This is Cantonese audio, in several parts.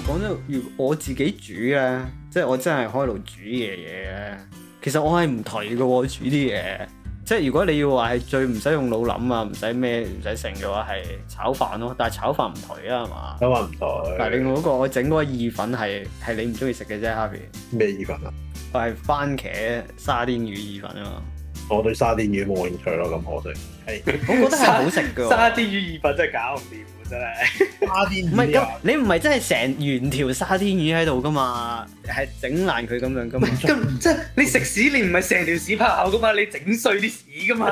講真，如我自己煮咧，即係我真係開爐煮嘢嘢咧。其實我係唔頹嘅，煮啲嘢。即係如果你要話係最唔使用腦諗啊，唔使咩，唔使剩嘅話，係炒飯咯。但係炒飯唔頹啊，係嘛？炒飯唔頹。但係另外一個我整嗰個意粉係係你唔中意食嘅啫，Happy。咩意粉啊？我係番茄沙甸魚意粉啊嘛。我對沙甸魚冇興趣咯，咁我食。係，我覺得係好食嘅。沙甸魚意粉真係搞唔掂。 真係沙甸，唔係咁，你唔係真係成完整條沙甸魚喺度噶嘛？係整爛佢咁樣噶嘛？咁即係你食屎，你唔係成條屎拋口噶嘛？你整碎啲屎噶嘛？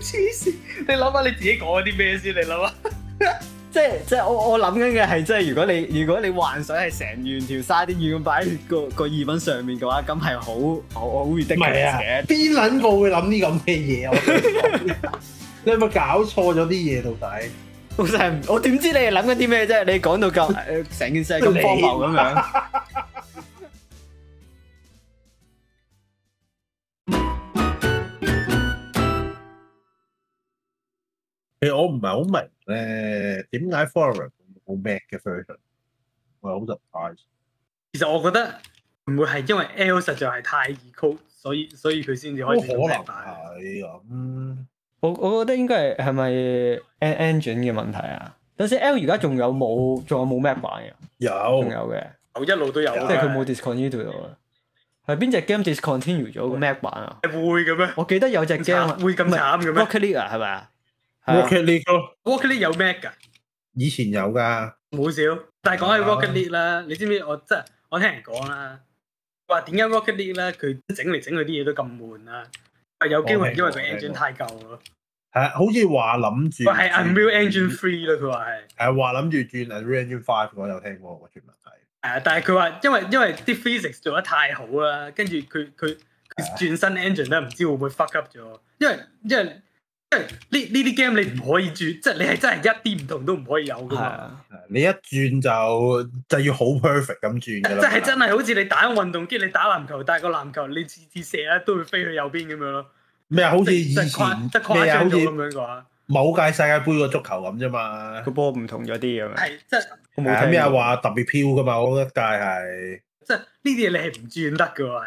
黐 線，你諗下你自己講啲咩先？你諗下。 即係即係我我諗緊嘅係，即係如果你如果你幻想係成完條沙啲魚咁擺喺個個意粉上面嘅話，咁係好好好 unique 嘅。唔係啊，邊捻個會諗啲咁嘅嘢？我 你係咪搞錯咗啲嘢？到底老實，我點知你係諗緊啲咩啫？你講到咁成件事咁荒謬咁樣。我唔係好明咧，點解 Forum 會冇 Mac 嘅 version，我係好 surprise。其實我覺得唔會係因為 L 實在係太易 code，所以所以佢先至可以停曬。可能係咁。嗯、我我覺得應該係係咪 N Engine 嘅問題啊？等陣 L 而家仲有冇仲有冇 Mac 版啊？有，仲有嘅。一路都有，即係佢冇 discontinue 到啊。係邊隻 game discontinue 咗個 Mac 版啊？會嘅咩？我記得有隻 game 會咁慘嘅咩 Rocket League 係咪啊？Rocket League 呢個 Rocket League 有咩噶？以前有噶，冇少。但係講起 Rocket League 咧，你知唔知？我真係我聽人講啦，話點解 Rocket League 咧，佢整嚟整去啲嘢都咁悶啦？係有機會，因為佢 engine 太舊咯。係啊，好似話諗住。係 Unreal Engine 3咯，佢話係。係話諗住轉 Unreal Engine 5，我有聽過，我全部係。係啊，但係佢話因為因為啲 physics 做得太好啦，跟住佢佢佢轉新 engine 咧，唔知會唔會 fuck up 咗？因為因為。呢呢啲 game 你唔可以轉，嗯、即係你係真係一啲唔同都唔可以有噶嘛、啊。你一轉就就要轉好 perfect 咁轉噶啦。即係真係好似你打運動機，你打籃球，帶個籃球你每次每次射咧都會飛去右邊咁樣咯。咩啊？好似咩啊？好似得誇張咗咁樣個。麼某屆世界盃個足球咁啫嘛，個波唔同咗啲咁啊。係即係。我冇睇咩話特別飄噶嘛？我嗰屆係。即係呢啲嘢你係唔轉得噶係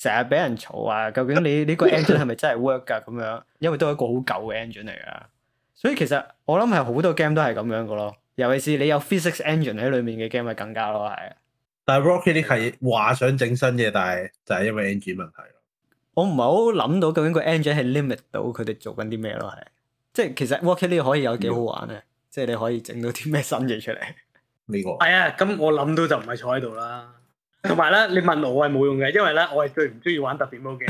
成日俾人嘈啊！究竟你呢個 engine 係咪真係 work 噶？咁樣，因為都係一個好舊嘅 engine 嚟啊。所以其實我諗係好多 game 都係咁樣噶咯。尤其是你有 physics engine 喺裏面嘅 game，咪更加咯係。但係 Rocket League 話想整新嘢，但係就係因為 engine 問題咯。我唔係好諗到究竟個 engine 係 limit 到佢哋做緊啲咩咯？係即係其實 Rocket League 可以有幾好玩咧，嗯、即係你可以整到啲咩新嘢出嚟？呢個係啊，咁、哎、我諗到就唔係坐喺度啦。同埋咧，你問我係冇用嘅，因為咧我係最唔中意玩特別模嘅。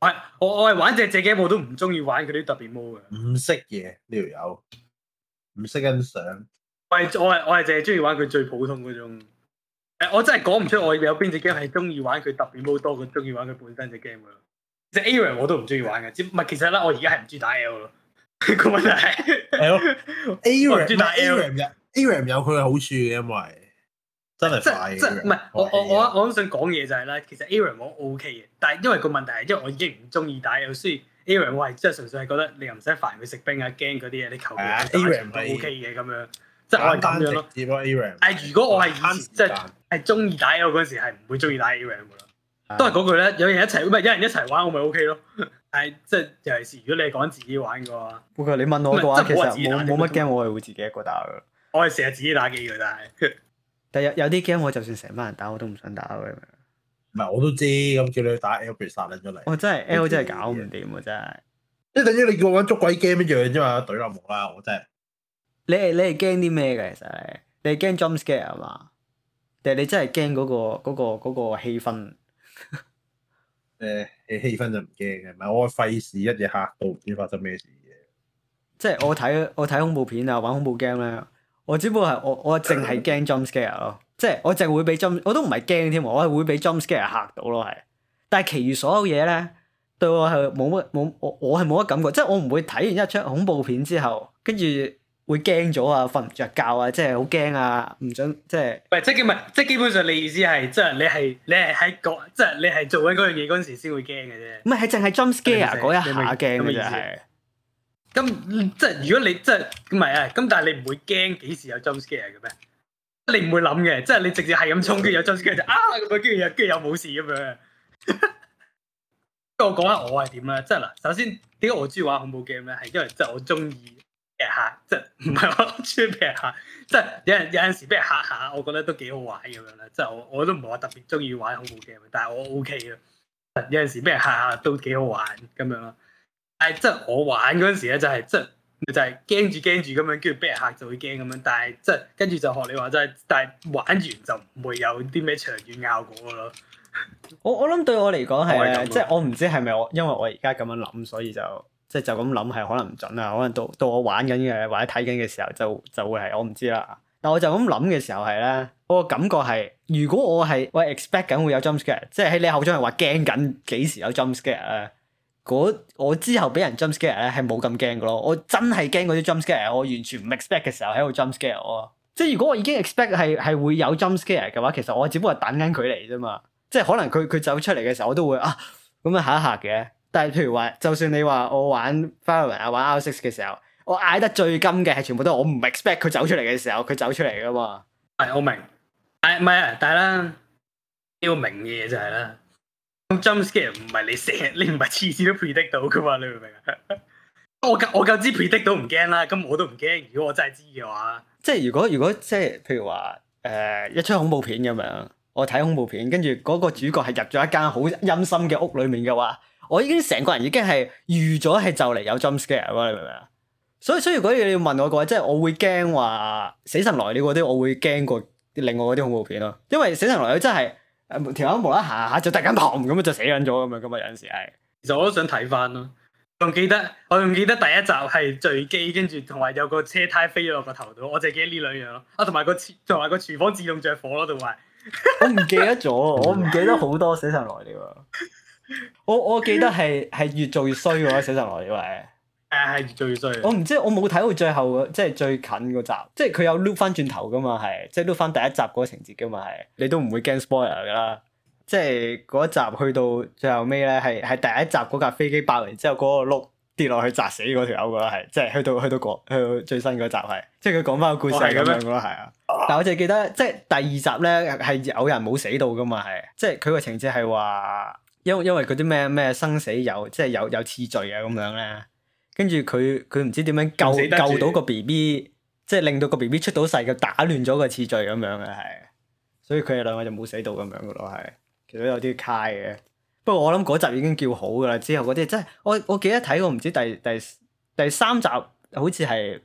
我係我我係玩隻只 game，我都唔中意玩佢啲特別模嘅。唔識嘢呢條友，唔識欣賞。我係我係我係淨係中意玩佢最普通嗰種。誒，我真係講唔出我有邊隻 game 係中意玩佢特別模多過中意玩佢本身隻 game 嘅。即係 ARAM 我都唔中意玩嘅。只係，其實咧我而家係唔中意打 L 咯 是。你講乜嘢？係咯，ARAM 唔中意打 L 嘅。ARAM 有佢嘅好處嘅，因為。真係即係即係唔係我我我我都想講嘢就係咧，其實 Aram 我 O K 嘅，但係因為個問題係，因為我已經唔中意打，所以 Aram 我係即係純粹係覺得你又唔使煩佢食冰啊、game 嗰啲嘢，你求其打 Aram 都 O K 嘅咁樣，即係我咁樣咯。如果 Aram，誒，如果我係以前即係係中意打我嗰陣時係唔會中意打 Aram 噶啦，都係嗰句咧，有人一齊咪一人一齊玩我咪 O K 咯。但係即係尤其是如果你講自己玩嘅話，不過你問我嘅話，其實冇冇乜 game 我係會自己一個打，我係成日自己打機嘅，但係。有啲 game 我就算成班人打我都唔想打佢，唔係我都知咁叫你去打 L P 殺你出嚟。我、哦、真係 L 真係搞唔掂啊！真係，即係等於你叫我玩捉鬼 game 一樣啫嘛，懟冧我啦！我真係。你係你係驚啲咩嘅？其實你係驚 jump scare 係嘛？定係你真係驚嗰個嗰、嗰個、嗰個氣氛？誒、 呃，氣氛就唔驚嘅，唔係我費事一嘢嚇到唔知發生咩事嘅。即係我睇我睇恐怖片啊，玩恐怖 game 咧。我只不過係我我淨係驚 jump scare 咯，即係我淨係會俾 jump scare，我都唔係驚添，我係會俾 jump scare 嚇到咯，係。但係其餘所有嘢咧，對我係冇乜冇我我係冇乜感覺，即係我唔會睇完一出恐怖片之後跟住會驚咗啊，瞓唔着覺啊，即係好驚啊，唔想即係。唔即係唔係即係基本上你意思係、就是就是、即係你係你係喺即係你係做緊嗰樣嘢嗰陣時先會驚嘅啫。唔係係淨係 jump scare 嗰一下驚嘅啫。咁、嗯、即係如果你即係唔係啊？咁但係你唔會驚幾時有 jump scare 嘅咩？你唔會諗嘅，即係你直接係咁衝，跟住有 jump scare 就啊咁樣，跟住又跟住又冇事咁樣。 我講下我係點啦，即係嗱，首先點解我中意玩恐怖 game 咧？係因為即係我中意被嚇，即係唔係話中意被嚇，即係有陣有陣時被嚇下，我覺得都幾好玩咁樣啦。即係我我都唔係話特別中意玩恐怖 game，但係我 OK 啊。有陣時俾人嚇下都幾好玩咁樣啦。但誒，即係我玩嗰陣時咧，就係即係就係驚住驚住咁樣，跟住俾人嚇就會驚咁樣。但係即係跟住就學你話齋，但係玩完就唔會有啲咩長遠效果㗎咯。我我諗對我嚟講係即係我唔知係咪我因為我而家咁樣諗，所以就即係就咁諗係可能唔準啊。可能到到我玩緊嘅或者睇緊嘅時候就，就就會係我唔知啦。但我就咁諗嘅時候係咧，我感覺係如果我係喂 expect 緊會有 jump scare，即係喺你口中係話驚緊幾時有 jump scare 啊？嗰我之後俾人 jump scare 咧係冇咁驚嘅咯，我真係驚嗰啲 jump scare，我完全唔 expect 嘅時候喺度 jump scare 我，即係如果我已經 expect 係係會有 jump scare 嘅話，其實我只不過係等緊佢嚟啫嘛，即係可能佢佢走出嚟嘅時候我都會啊咁樣嚇一嚇嘅，但係譬如話，就算你話我玩《Fallen》啊玩《Outsiders》嘅時候，我嗌得最金嘅係全部都係我唔 expect 佢走出嚟嘅時候佢走出嚟嘅嘛、哎，係好明，唔係啊，但係啦，要明嘅嘢就係啦。咁 jump scare 唔係你寫，你唔係次次都 predict 到噶嘛？你明唔明啊？我我夠知 predict 到唔驚啦，咁我都唔驚。如果我真係知嘅話，即係如果如果即係譬如話誒、呃、一出恐怖片咁樣，我睇恐怖片，跟住嗰個主角係入咗一間好陰森嘅屋裏面嘅話，我已經成個人已經係預咗係就嚟有 jump scare 啦，你明唔明啊？所以所以，如果你要問我個位，即係我會驚話死神來了」嗰啲我會驚過另外嗰啲恐怖片咯，因為死神來了」真係。誒，條眼毛一下下就突然間冚咁啊，就死緊咗咁啊，咁啊有陣時係。其實我都想睇翻咯，我仲記得，我仲記得第一集係墜機，跟住同埋有個車胎飛咗落個頭度，我淨係記得呢兩樣咯。啊，同埋個廚，同埋個廚房自動着火咯，同埋。我唔記得咗，我唔記得好多《死神來了》。我我記得係係越做越衰喎，《死神來了》係。誒，係最衰。我唔知，我冇睇到最後，即係最近嗰集，即係佢有 loop 翻轉頭噶嘛，係，即係 loop 翻第一集嗰個情節噶嘛，係。你都唔會驚 spoiler 噶啦，即係嗰一集去到最後尾咧，係係第一集嗰架飛機爆完之後嗰個轆跌落去砸死嗰條友噶啦，係，即係去到去到、個、去到最新嗰集係，即係佢講翻個故事咁樣咯，係啊。但我淨係記得，即係第二集咧係有人冇死到噶嘛，係，即係佢個情節係話，因為因為嗰啲咩咩生死有即係有有，有次序啊咁樣咧。跟住佢佢唔知點樣救救到個 B B，即係令到個 B B 出到世嘅，打亂咗個次序咁樣嘅係，所以佢哋兩個就冇死到咁樣噶咯，係其實有啲卡嘅。不過我諗嗰集已經叫好噶啦，之後嗰啲真係我我記得睇過唔知第第第三集好似係，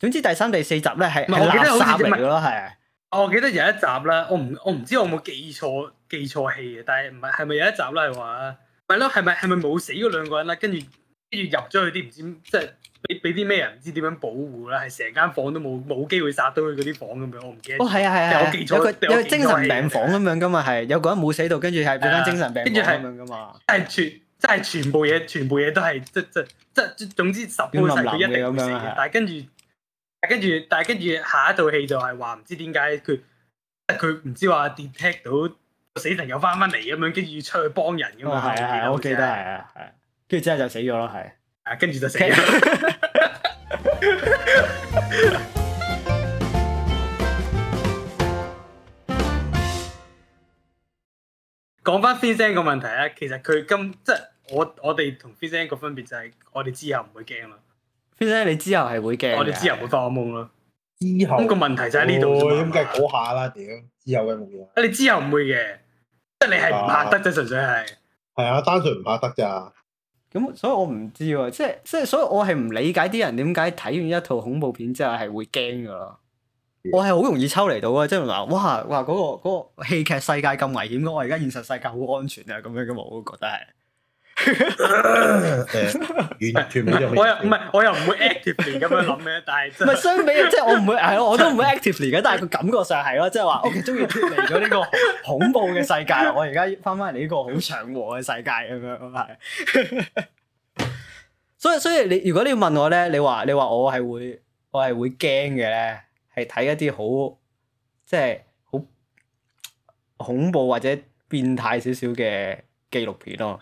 總之第三第四集咧係垃圾嚟嘅咯係。是的我記我記得有一集啦，我唔我唔知我冇記錯記錯戲嘅，但係唔係係咪有一集啦？係話咪咯，係咪係咪冇死嗰兩個人啦？跟住。跟住入咗去啲唔知即係俾俾啲咩人唔知點樣保護啦，係成間房都冇冇機會殺到佢嗰啲房咁樣，我唔記得。哦，係啊，係啊。有記錯。因為有精神病房咁樣噶嘛係，有個人冇死到，跟住係變翻精神病跟住房咁是樣噶嘛。是但係全，真係全部嘢，全部嘢都係即即即總之十個殺佢一定死嘅，啊。但係跟住，跟住，但係跟住下一套戲就係話唔知點解佢，佢唔知話 detect 到死神又翻翻嚟咁樣，跟住出去幫人噶嘛。係、哦、啊，啊，我記得係啊，係。跟住之後就死咗咯，係。啊，跟住就死咗。講翻 Fizan 個問題啊，其實佢今即係我我哋同 Fizan 個分別就係，我哋之後唔會驚啦。Fizan 你之後係會驚，我哋之後會發噩夢咯。之後個問題就喺呢度啫嘛。咁梗係下啦，屌，之後嘅夢話。你之後唔會嘅，即係你係唔怕得啫，啊、純粹係。係啊，單純唔怕得咋。咁所以，我唔知喎，即係即係，所以我係唔理解啲人點解睇完一套恐怖片之後係會驚噶咯？我係好容易抽離到啊！即係話，哇哇嗰個嗰個戲劇世界咁危險㗎，我而家現實世界好安全啊！咁樣嘅我會覺得係。誒，完全唔會。我又唔係，我又唔會 actively 咁樣諗嘅，但係唔係相比，即係我唔會，係我都唔會 actively 嘅，但係佢感覺上係咯，即係話我中意脫離咗呢個恐怖嘅世界，我而家翻翻嚟呢個好祥和嘅世界咁樣係。所以所以你如果你要問我咧，你話你話我係會我係會驚嘅咧，係睇一啲好即係好恐怖或者變態少少嘅紀錄片咯，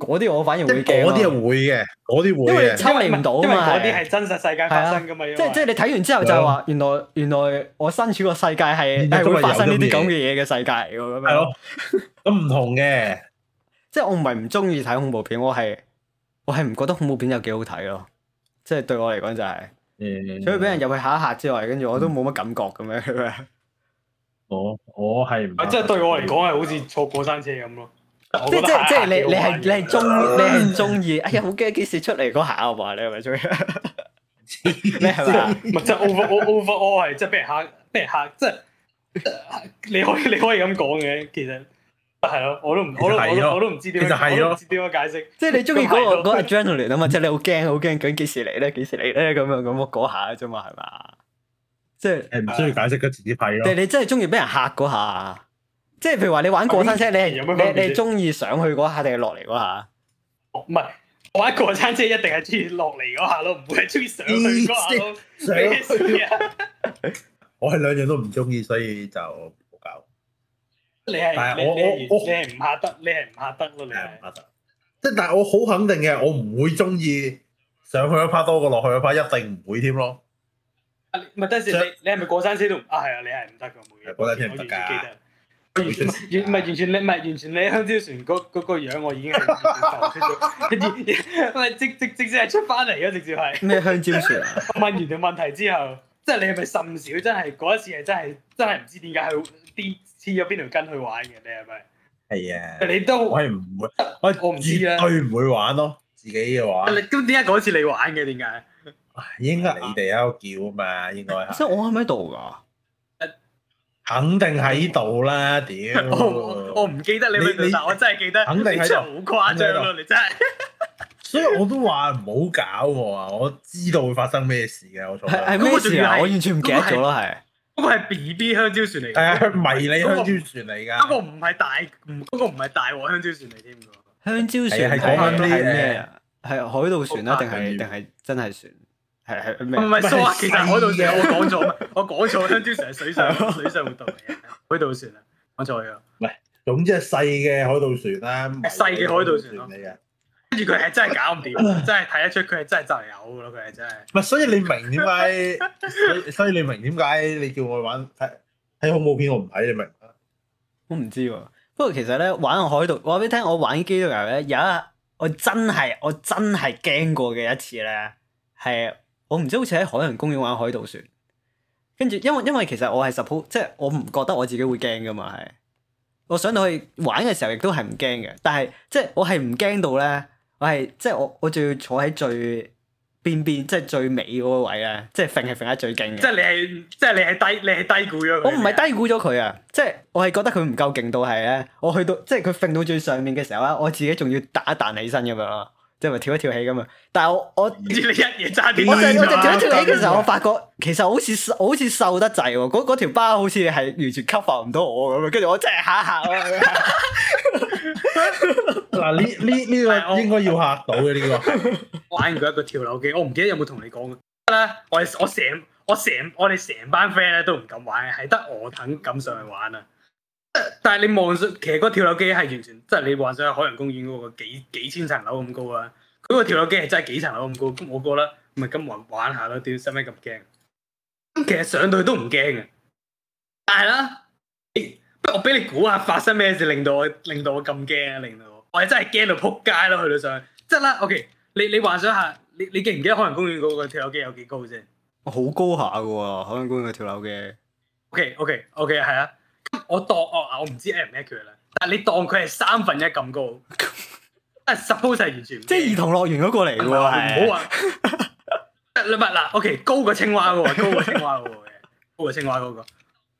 嗰啲我反而會驚，嗰啲係會嘅，嗰啲會嘅，因為抽離唔到啊嘛，因為嗰啲係真實世界發生噶嘛，即即你睇完之後就話原來原來我身處個世界係會發生呢啲咁嘅嘢嘅世界嚟噶，咁樣，咁唔同嘅，即我唔係唔中意睇恐怖片，我係我係唔覺得恐怖片有幾好睇咯，即對我嚟講就係，除咗俾人入去嚇一嚇之外，跟住我都冇乜感覺咁樣咁樣。我我係唔即對我嚟講係好似坐過山車咁咯。即係，即係，即係，你你係你係中你係中意哎呀好驚幾時出嚟嗰下啊嘛，你係咪中意？咩？係咪即係 over over all 係，即係俾人嚇俾人嚇，即係你可以你可以咁講嘅，其實係啊，我都唔、哦、我都我都唔知點、哦、解點樣解釋，即係你中意嗰個嗰、 那個、那個、adrenaline 啊嘛，即係你好驚好驚究竟幾時嚟咧幾時嚟咧，咁樣咁嗰下嘅啫嘛係嘛？即係唔需要解釋嘅直接批咯。即係 你真係中意俾人嚇嗰下。即係譬如話你玩過山車，你係做咩？你你中意上去嗰下定係落嚟嗰下？唔係，玩過山車一定係中意落嚟嗰下咯，唔會中意上去嗰下咯。上去啊！我係兩樣都唔中意，所以就冇搞。你係，但係我我係唔怕得，你係唔怕得咯？你係唔怕得？即係但係我好肯定嘅，我唔會中意上去一趴多過落去一趴，一定唔會添咯。咪係，即係你你係咪過山車都啊？係啊，你係唔得嘅，過山車唔得噶。完全，唔係、啊、完全你，唔係完全你香蕉船嗰嗰、嗰個樣，我已經唔記得咗。唔係直直直接係出翻嚟嘅，直接係咩香蕉船啊？ 問完條問題之後，即係你係咪甚少真真？真係嗰一次係真係真係唔知點解係啲黐咗邊條筋去玩嘅？你係咪？係啊。你都我唔會，我唔知啊。對唔會玩咯，自己嘅話。咁點解嗰次你玩嘅？點解？應該你哋喺度叫啊嘛，應該即係我喺唔喺度㗎？ 肯定喺度啦，屌！我唔記得你嗰我真係記得。肯定喺度，好誇張啊！你真係。所以我都話唔好搞喎啊！我知道會發生咩事嘅，我錯啦，船我完全唔記得咗啦，係嗰個係 BB 香蕉船嚟。係啊，迷你香蕉船嚟㗎。嗰個唔係大，嗰個唔係大鑊香蕉船嚟添。香蕉船係講緊咩啊？係海盜船啊？定係定係真係船？係係唔係其實海盜船我講錯，我講錯，香朝成日水上水上活動嚟嘅，海盜船啊，講錯咗，唔係總之係細嘅海盜船啦，細嘅海盜船嚟嘅，跟住佢係真係搞唔掂，真係睇得出佢係真係真係有嘅咯，佢係真係唔係，所以你明點解？所以你明點解你叫我玩睇睇恐怖片我唔睇你明？我唔知喎，不過其實咧玩海盜，我俾你聽我玩機動遊咧有一，我真係我真係驚過嘅一次咧係。我唔知好似喺海洋公園玩海盜船，跟住因為因為其實我係 suppose，即係我唔覺得我自己會驚㗎嘛，係。我上到去玩嘅時候，亦都係唔驚嘅。但係即係我係唔驚到咧，我係即係我我仲要坐喺最邊邊，即係最尾嗰個位咧，即係揈係揈得最勁嘅。即係你係即係你係低你係低估咗佢。我唔係低估咗佢啊！即係我係覺得佢唔夠勁到係咧。我去到即係佢揈到最上面嘅時候啊，我自己仲要彈一彈起身咁樣啊。即係咪跳一跳起咁嘛？但係我我唔知你一嘢揸啲。我我我跳一跳起嘅時候，我發覺其實好似好似瘦得滯喎。嗰嗰條包好似係完全吸防唔到我咁 啊。跟住我真係吓一吓。嗱，呢呢呢個應該要嚇到嘅呢、 這個。玩佢一個跳樓機，我唔記得有冇同你講啦。我我成我成我哋成班 friend 咧都唔敢玩，係得我肯敢上去玩啊。但係你望上，其實個跳樓機係完全，即係你幻想喺海洋公園嗰個幾幾千層樓咁高啊。佢個跳樓機係真係幾層樓咁高。我覺得唔係咁玩玩下咯，點使咩咁驚？咁其實上到去都唔驚啊，但係啦，不如我俾你估下發生咩事令到我令到我咁驚啊？令到我真係驚到扑街咯，去到上去即係啦。OK，你你幻想下，你你記唔記得海洋公園嗰個跳樓機有幾高先？我好高下嘅喎，海洋公園嘅跳樓機。OK，OK，OK，係啊。我當我我唔知係唔係缺啦，但你當佢係三分一咁高，啊，suppose 係完全唔即兒童樂園嗰個嚟嘅喎，唔好話你唔係嗱，OK，高過青蛙嘅喎，高過青蛙嘅喎，高過青蛙嗰個，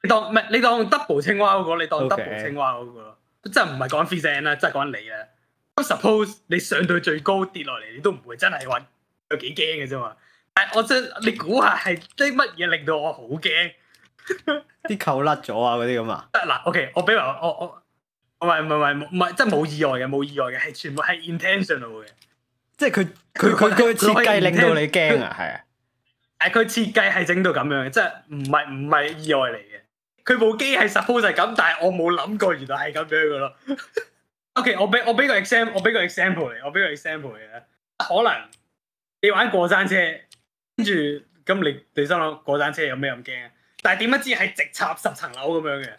你當唔係你當 double 青蛙嗰個，你當 double 青蛙嗰個，真唔係講 fashion 啦，真係講你啦，suppose 你上到最高跌落嚟，你都唔會真係話有幾驚嘅啫嘛，但我真你估下係啲乜嘢令到我好驚？啲扣甩咗啊！嗰啲咁啊，嗱，OK，我俾埋我我唔係唔係唔係，唔係即係冇意外嘅，冇意外嘅，係全部係 intentional 嘅。即係佢佢佢佢設計令到你驚啊，係啊，係佢設計係整到咁樣嘅，即係唔係唔係意外嚟嘅。佢部機係 suppose 係咁，但係我冇諗過原來係咁樣噶咯。OK，我俾我俾個 example，我俾個 example 嚟，我俾個 example 嚟啊，可能你玩過山車跟住咁，你對身過過山車有咩咁驚啊？但係點不知係直插十層樓咁樣嘅，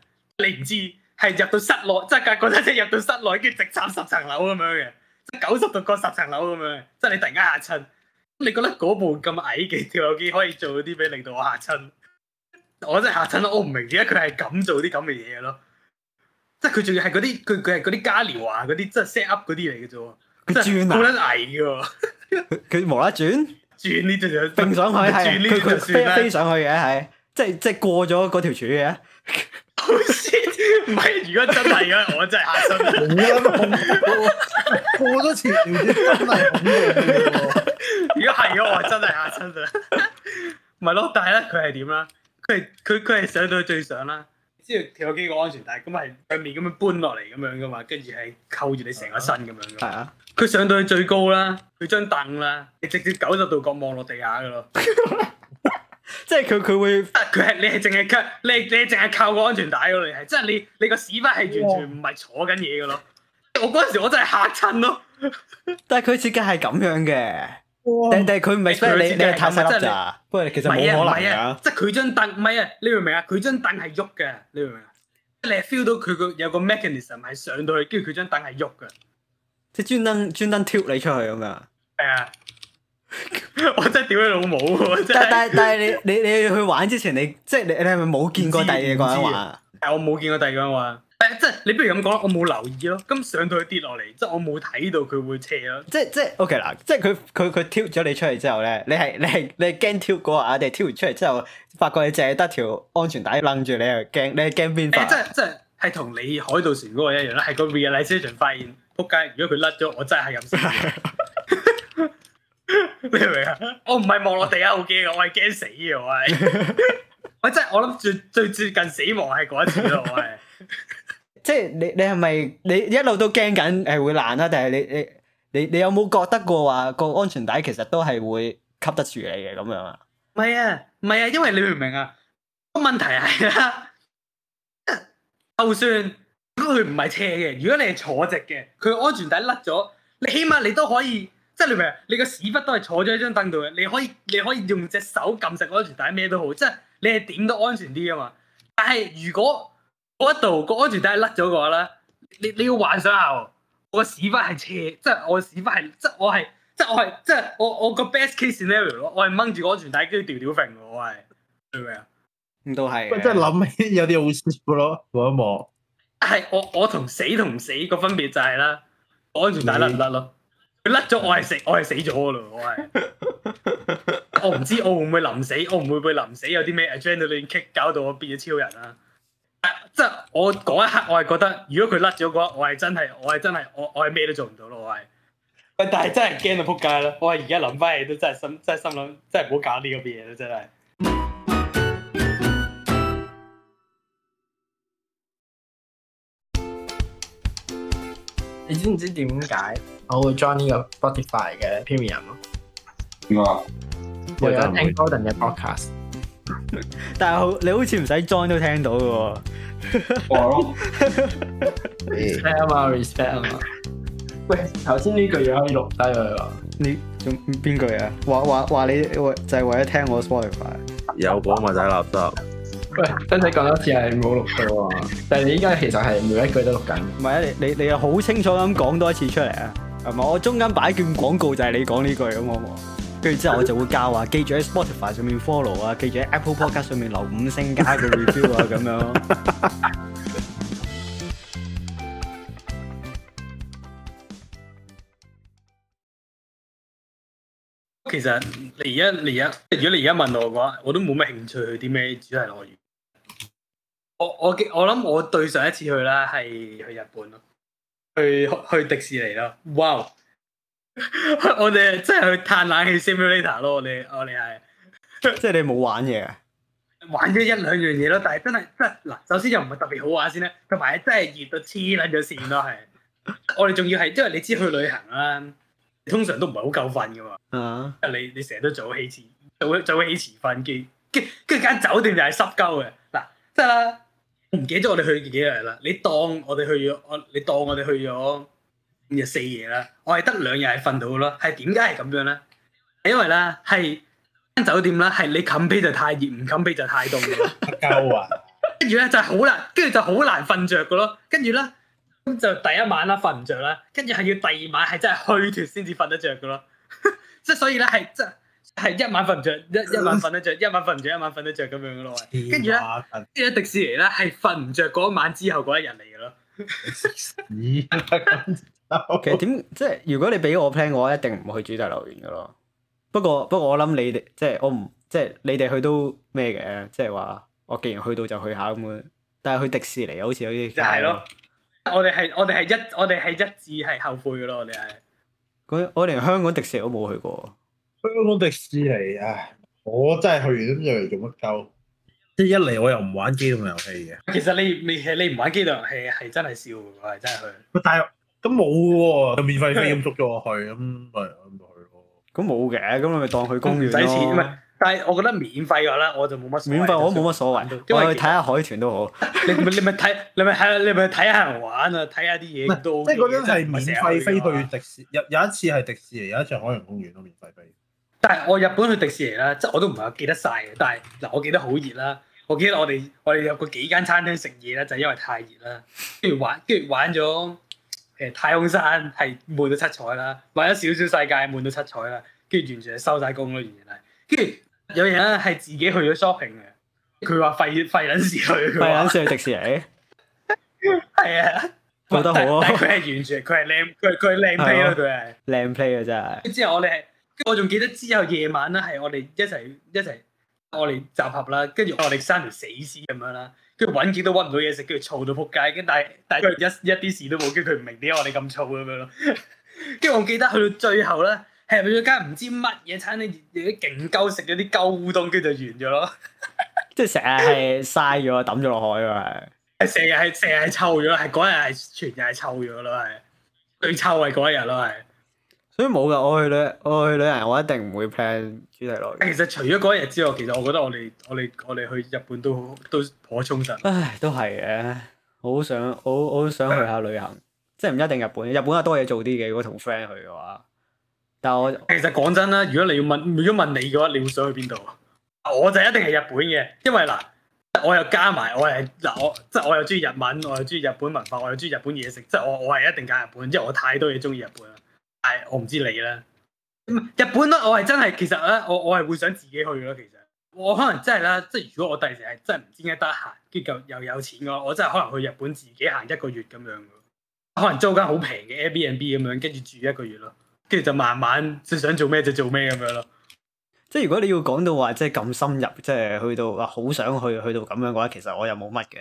你唔知係入到室內，即係嗰陣即係入到室內，跟住直插十層樓咁樣嘅，九十度角十層樓咁樣，即係你突然間吓親。你覺得嗰部咁矮嘅跳樓機可以做啲咩令到我吓親？我真係吓親啦！我唔明點解佢係咁做啲咁嘅嘢咯。即係佢仲要係嗰啲，佢佢係嗰啲嘉年華，嗰啲即係 set up 嗰啲嚟嘅啫。佢轉啊，好鬼矮嘅。佢無啦啦轉，轉呢度就飛上去，佢佢飛一飛上去嘅係。即係即係過咗嗰條柱嘅，好唔係如果真係 如果我真係吓身我都我都黐線，真如果係嘅話真係嚇親啦，唔係咯？但係咧佢係點啦？佢佢佢係上到去最上啦，即係 跳幾個安全帶，咁係上面咁樣搬落嚟咁樣噶嘛？跟住係扣住你成個身咁樣嘅，係、嗯、啊！佢上到去最高啦，佢張凳啦，你直接九十度角望落地下噶咯。 即係佢佢會，佢係你係淨係靠，你你淨係靠個安全帶咯，你係，即係你你個屎忽係完全唔係坐緊嘢嘅咯。哇我嗰陣時我真係嚇親咯。但係佢設計係咁樣嘅，定定佢唔係即係你你係太細粒咋？不過其實冇可能嘅。即係佢張凳，唔係啊？你明唔明啊？佢張凳係喐嘅，你明唔明啊？你係 feel 到佢個有個 mechanism 係上到去，跟住佢張凳係喐嘅，即係專登專登跳你出去咁樣？係啊。 我真係屌你老母但！但但係你你你，你去玩之前，你即係你你係咪冇見過第二個人玩啊？我冇見過第二個人玩。人玩即係你不如咁講，okay, 啦，我冇留意咯。咁上到去跌落嚟，即係我冇睇到佢會斜咯。即係即係，O K 嗱，即係佢佢佢跳咗你出嚟之後咧，你係你係你係驚跳過啊？定係跳完出嚟之後，發覺你淨係得條安全帶楞住，你驚你係驚邊塊？即係即係係同你海盜船嗰個一樣啦，係個 realization 發現撲街。如果佢甩咗，我真係咁 你明啊？我唔係望落地啊，我驚噶，我係驚死嘅，我係我真係我諗最接近死亡係嗰一次咯，我係。即係你你係咪你一路都驚緊係會爛啊？定係你你你你有冇覺得過話個安全帶其實都係會吸得住你嘅咁樣啊？唔係啊，唔係啊，因為你明唔明啊？個問題係，就算如果佢唔係斜嘅，如果你係坐直嘅，佢安全帶甩咗，你起碼你都可以。你明，個屎忽都係坐咗喺張凳度嘅，你可以你可以用隻手撳實安全帶咩都好，即係你係點都安全啲吖嘛。但係如果嗰度個安全帶甩咗嘅話咧，你你要幻想下喎，我個屎忽係斜，即係我個屎忽係即係我係即係我係即係我我個 best case scenario 咯，我係掹住個安全帶跟住吊吊揈，我係明唔明啊？都係，即係諗起有啲好笑咯，望一望。係我我同死同死個分別就係、是、啦，安全帶甩唔甩咯。佢甩咗，我係死，我係死咗咯，我係， 我唔知我會唔會臨死，我唔會唔會臨死有啲咩，Adrenaline kick 搞到我變咗超人啦、啊啊，即係我嗰一刻我係覺得，如果佢甩咗嘅話，我係真係，我係真係，我我係咩都做唔到咯，我係，喂，但係真係驚到仆街啦，我係而家諗翻起都真係心，真係心諗，真係唔好搞呢個嘢啦，真係。你知唔知點解我會 join 呢個 Spotify 嘅 Premium 咯。嗯？點啊？我想聽 Jordan 嘅 podcast、嗯、但係好你好似唔使 join 都聽到嘅喎。我咯哇。聽啊嘛，respect 啊嘛。嘛 喂，頭先呢句嘢可以錄低佢啊？你仲邊句啊？話話話你就係為咗聽我 Spotify。有寶物仔垃圾。喂，真係講多次係冇錄到，但係你依家其實係每一句都錄緊。唔係啊，你你又好清楚咁講多一次出嚟啊，係咪？我中間擺段廣告就係你講呢句咁，好唔好？跟住之後我就會教話記住喺 Spotify 上面 follow 啊，記住喺 Apple Podcast 上面留五星加個 review 啊，咁樣。 其實你而家你而家，如果你而家問我嘅話，我都冇乜興趣去啲咩主題樂園我。我我我諗，我對上一次去啦，係去日本咯，去去迪士尼咯。哇！ 我哋真係去嘆冷氣 simulator 咯，我哋我哋係 即係你冇玩嘢啊？玩咗一兩樣嘢咯，但係真係真嗱，首先又唔係特別好玩先啦，同埋真係熱到黐撚咗線咯，係。我哋仲要係，因為你知去旅行啦。通常都唔係好夠瞓噶嘛、uh huh.，啊！你你成日都早起遲，早早起遲瞓機，跟跟跟間酒店就係濕鳩嘅。嗱得啦，我唔記得我哋去幾日啦，你當我哋去咗我，你當我哋去咗五日四夜啦，我係得兩日係瞓到嘅咯，係點解係咁樣咧？因為咧，係間酒店啦，係你冚被就太熱，唔冚被就太凍，唔夠啊！跟住咧就係好難，跟住就好難瞓着嘅咯，跟住咧。咁就第一晚啦，瞓唔着啦，跟住係要第二晚係真係虛脫先至瞓得着噶咯，即 係所以咧係真係一晚瞓唔着，一一晚瞓得着，一晚瞓唔着，一晚瞓得着咁樣咯。跟住咧，呢個迪士尼咧係瞓唔着嗰晚之後嗰一日嚟噶咯。咦？ 其實點即係如果你俾我 plan，我一定唔去主題樂園噶咯。不過不過我諗你哋即係我唔即係你哋去都咩嘅，即係話我既然去到就去下咁樣。但係去迪士尼好似好似係咯。我哋係我哋係一我哋係一致係後悔嘅咯，我哋係。咁我連香港迪士尼都冇去過。香港迪士尼啊，我真係去完咁又嚟做乜鳩？即係一嚟我又唔玩機動遊戲嘅。其實你你你唔玩機動遊戲係真係笑，我係真係去。但係咁冇嘅喎，就免費飛咁捉咗我去咁咪咁咪去咯。咁冇嘅，咁你咪當去公園使錢咯。但係我覺得免費㗎啦，我就冇乜。免費我都冇乜所謂，因為我去睇下海豚都好。 你咪你咪睇，你咪睇，你咪睇下人玩啊，睇下啲嘢即係嗰種係免費飛去迪士尼，有有一次係迪士尼有一場海洋公園都免費飛。但係我日本去迪士尼啦，即係是我都唔係記得晒，嘅。但係嗱，我記得好熱啦，我記得我哋我哋入過幾間餐廳食嘢啦，就因為太熱啦。跟住玩，跟住玩咗誒太空山係悶到七彩啦，玩咗小小世界悶到七彩啦，跟住完全係收晒工咯，完全係跟住。有人啦，係自己去咗 shopping 嘅。佢話費費卵事去，費卵事去迪士尼。係 啊，覺得好啊。係完全，佢係靚，佢佢係靚 play 咯，佢係靚 play 啊真係。之後我哋係，跟住我仲記得之後夜晚啦，係我哋一齊一齊我哋集合啦，跟住我哋生條死屍咁樣啦，跟住揾極都揾唔到嘢食，跟住嘈到撲街。跟住但係但係佢一一啲事都冇，跟住佢唔明點解我哋咁嘈咁樣咯。跟 住我記得去到最後咧。係去咗間唔知乜嘢餐廳，食啲勁夠食嗰啲鳩烏冬，跟住就完咗咯。即係成日係嘥咗，抌咗落海㗎嘛。成日係成日係臭咗，係嗰日係全日係臭咗咯，係最臭係嗰日咯，係。所以冇㗎，我去旅我去旅行，我一定唔會 plan 主題樂園。其實除咗嗰日之外，其實我覺得我哋我哋我哋去日本都都頗充實。唉，都係嘅，好想好好想去下旅行， 即係唔一定日本，日本又多嘢做啲嘅。如果同 friend 去嘅話。但我其實講真啦，如果你要問，如果問你嘅話，你會想去邊度啊？ 我就一定係日本嘅，因為嗱，我又加埋我係嗱，我即係我，、就是、我又中意日文，我又中意日本文化，我又中意日本嘢食，即、就、係、是、我我係一定揀日本，即為我太多嘢中意日本啦。係，我唔知你啦。日本咧，我係真係其實咧，我我係會想自己去咯。其實我可能真係啦，即係如果我第二時係真係唔知解得閒，跟住又有錢嘅話，我真係可能去日本自己行一個月咁樣，可能租間好平嘅 Airbnb 咁樣，跟住住一個月咯。跟住就慢慢即想做咩就做咩咁樣咯。即係如果你要講到話即係咁深入，即係去到話好想去去到咁樣嘅話，其實我又冇乜嘅。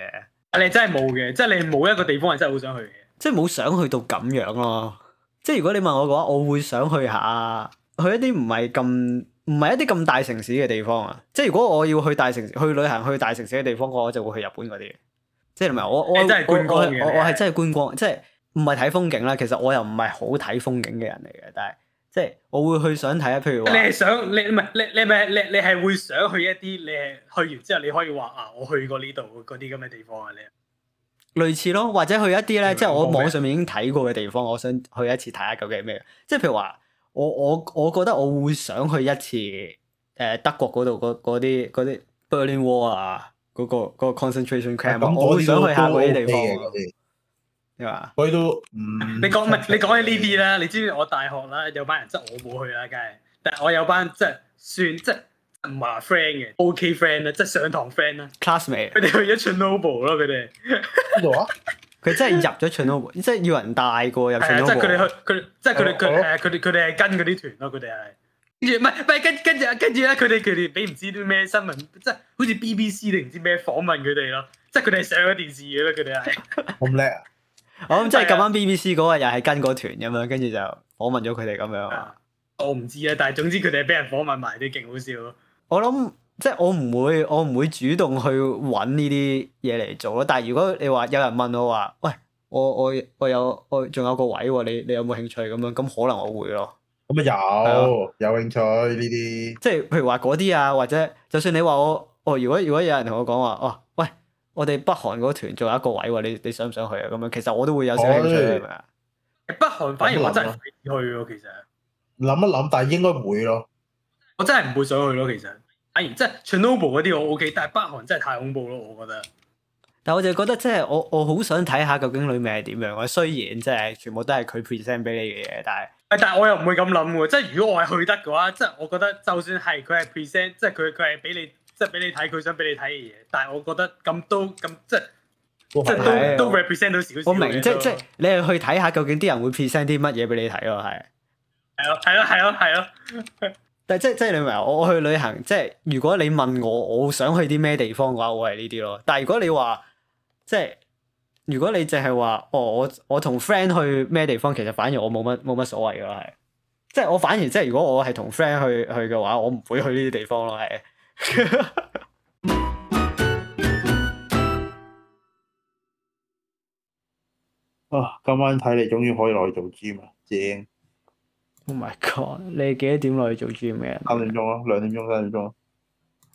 啊，你真係冇嘅，即係你冇一個地方係真係好想去嘅。即係冇想去到咁樣咯、啊。即係如果你問我嘅話，我會想去下，去一啲唔係咁唔係一啲咁大城市嘅地方啊。即係如果我要去大城市去旅行去大城市嘅地方，我就會去日本嗰啲。即係唔係？我觀光我我我係真係觀光，即係。唔係睇風景啦，其實我又唔係好睇風景嘅人嚟嘅，但係即係我會去想睇啊。譬如話，你係想你唔係你你咪你你係會想去一啲你係去完之後你可以話啊，我去過呢度嗰啲咁嘅地方啊，你類似咯，或者去一啲咧，即係我網上面已經睇過嘅地方，麼我想去一次睇下究竟係咩。即係譬如話，我我我覺得我會想去一次誒、呃、德國嗰度嗰啲嗰啲 Berlin Wall 啊，嗰、er 那個嗰、那個 Concentration Camp，啊嗯、我會想去下嗰啲地方。啊。佢都唔、嗯， 你講唔係你講起呢啲啦，你知唔知我大學啦有班人即係我冇去啦，梗係，但係我有班即係算即係唔係 friend 嘅，OK friend, friend Class mate 啦，即係上堂 friend 啦，classmate。佢哋去咗 Chernobyl 咯，佢哋。佢真係入咗 Chernobyl，即係要人帶過入咗。 即係佢哋去，佢即係佢哋佢佢哋佢哋係跟嗰啲團咯，佢哋係。跟住唔係唔係跟跟住啊跟住咧，佢哋佢哋俾唔知啲咩新聞，即係好似 BBC 定唔知咩訪問佢哋咯，即係佢哋上咗電視嘅咯，佢哋係。好叻啊！我諗即係咁啱 BBC 嗰個又係跟個團咁樣，跟住就訪問咗佢哋咁樣。我唔知啊，但係總之佢哋俾人訪問埋啲勁好笑咯。我諗即係我唔會，我唔會主動去搵呢啲嘢嚟做咯。但係如果你話有人問我話，喂，我我我有我仲有個位喎，你你有冇興趣咁樣？咁可能我會咯。咁啊、嗯、有，啊有興趣呢啲。即係譬如話嗰啲啊，或者就算你話我哦，如果如果有人同我講話，哦。我哋北韓嗰團仲有一個位喎，你你想唔想去啊？咁樣其實我都會有少少興趣啊。吧北韓反而我真係唔去喎，其實諗一諗，但係應該唔會咯。我真係唔會想去咯，其實。反而即係 Chernobyl 嗰啲我 OK，但係北韓真係太恐怖咯，我覺得。但係我就覺得即係我我好想睇下究竟裏面係點樣。雖然即係全部都係佢 present 唔俾你嘅嘢，但係。但係我又唔會咁諗嘅，即係如果我係去得嘅話，即係我覺得就算係佢係 present，即係佢佢係俾你。即係俾你睇佢想俾你睇嘅嘢，但係我覺得咁都咁即係，即係、哦、都都 represent 到少少。我明都即，即即係你係去睇下究竟啲人會 present 啲乜嘢俾你睇咯，係。係咯，係咯，係咯，係咯。 但係即係即係你明白，我我去旅行，即係如果你問我我想去啲咩地方嘅話，我係呢啲咯。但係如果你話即係如果你淨係話哦，我我同 friend 去咩地方，其實反而我冇乜冇乜所謂㗎，係。即係我反而即係如果我係同 friend 去去嘅話，我唔會去呢啲地方咯，係。啊！今晚睇嚟，終於可以落去做 gym 啊，正！Oh my god！你幾多點落去做 gym 啊？三點鐘咯，兩點鐘三點鐘。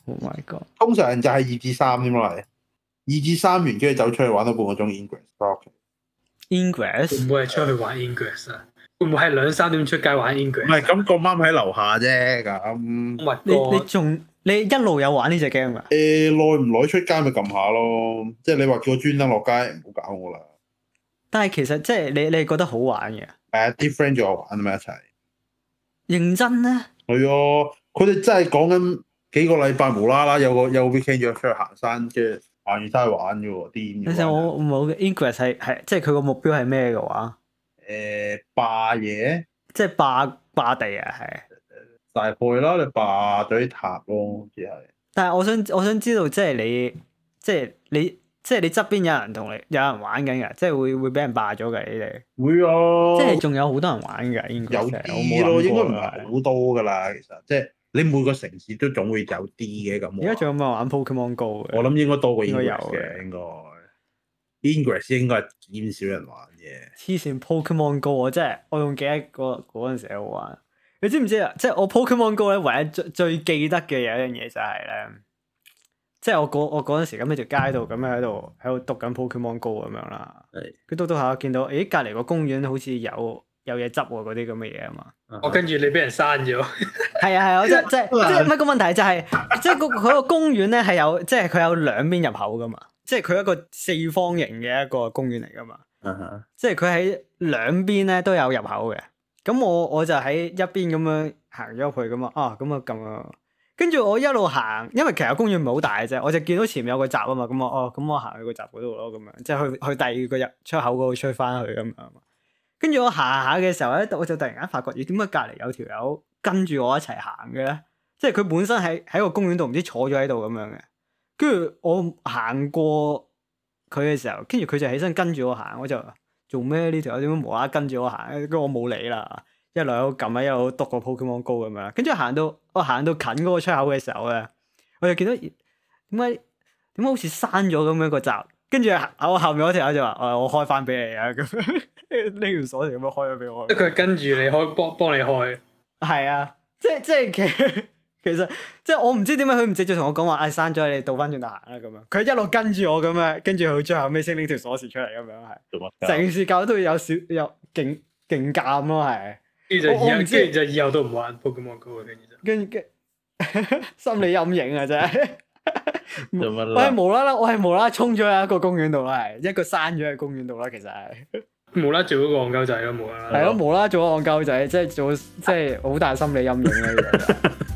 Oh my god！通常就係二至三點落嚟，二至三完跟住走出去玩到半個鐘。Ingress，Ingress，會唔會係出去玩 Ingress 啊？會唔會係兩三點出街玩 Ingress？唔係咁，咁啱喺樓下啫。咁喂你你仲？你一路有玩呢隻 game 啊？誒、呃，耐唔耐出街咪撳下咯，即係你話叫我專登落街，唔好搞我啦。但係其實即係你，你覺得好玩嘅？誒、呃，啲 friend 仲有玩嘛？一齊。認真咧？係哦，佢哋真係講緊幾個禮拜無啦啦有個有個 weekend 約出去行山去即嘅，行完山玩嘅喎，癲嘅。其實我冇 Ingress 係係即係佢個目標係咩嘅話？誒、呃，霸嘢，即係霸霸地啊，係。大概啦，你霸咗啲塔咯，好似係。但係我想，我想知道，即係你，即係你，即係你側邊有人同你，有人玩緊噶，即係會會俾人霸咗嘅，有你哋。會啊！即係仲有好多人玩噶，Ingress, 有 D 應該有應該唔係好多噶啦。是其實即係你每個城市都總會有啲嘅咁。而家仲有冇人玩 Pokemon Go？我諗應該多過應該有嘅，應該 Ingress 應該係減少人玩嘅。黐線 Pokemon Go 即我即係我仲記得嗰嗰陣時係玩。你知唔知啊？即係我 Pokemon Go 咧，唯一最最記得嘅有一樣嘢就係、是、咧，即係我嗰我嗰陣時咁喺條街度咁樣喺度喺度篤緊 Pokemon Go 咁樣啦。佢篤篤下，我見到誒隔離個公園好似有有嘢執嗰啲咁嘅嘢啊嘛。我跟住你俾人刪咗。係啊係啊，即即即乜個問題就係即係佢嗰個公園咧係有即係佢有兩邊入口噶嘛。即係佢一個四方形嘅一個公園嚟噶嘛。Uh huh. 即係佢喺兩邊咧都有入口嘅。咁我我就喺一邊咁樣行咗入去咁啊，啊咁啊撳啊，跟住我，我一路行，因為其實公園唔係好大嘅啫，我就見到前面有個閘啊嘛，咁我哦咁我行去個閘嗰度咯，咁樣即係去去第二個入出口嗰度出翻去咁啊，跟住我行下嘅時候咧，我就突然間發覺咦，點解隔籬有條友跟住我一齊行嘅咧？即係佢本身喺喺個公園度唔知坐咗喺度咁樣嘅，跟住我行過佢嘅時候，跟住佢就起身跟住我行，我就。做咩呢條友點解無啦？跟住我行？跟住我冇理啦，一路我撳啊，一路篤個 Pokemon Go 咁樣。跟住行到，我行到近嗰個出口嘅時候咧，我就見到點解點解好似閂咗咁樣個閘。跟住我後面嗰條友就話：誒、哎，我開翻俾你啊！咁拎完鎖匙咁樣開咗俾我。即係佢跟住你開，幫幫你開。係 啊，即係即係其其實即係我唔知點解佢唔直接同我講話，唉刪咗你，倒翻轉頭行啦咁樣。佢一路跟住我咁樣，跟住佢最後尾先拎條鎖匙出嚟咁樣，係成個時間都有少有勁勁尷咯，係。跟住就以跟住就以後都唔玩撲咁戇鳩啊！跟住跟心理陰影啊，真係。我係無啦啦，我係無啦啦衝咗去一個公園度啦，係一個刪咗喺公園度啦，其實係。無啦啦做一個戇鳩仔咯，無啦啦。係咯，無啦啦做個戇鳩仔，即係做即係好大心理陰影啊！其實。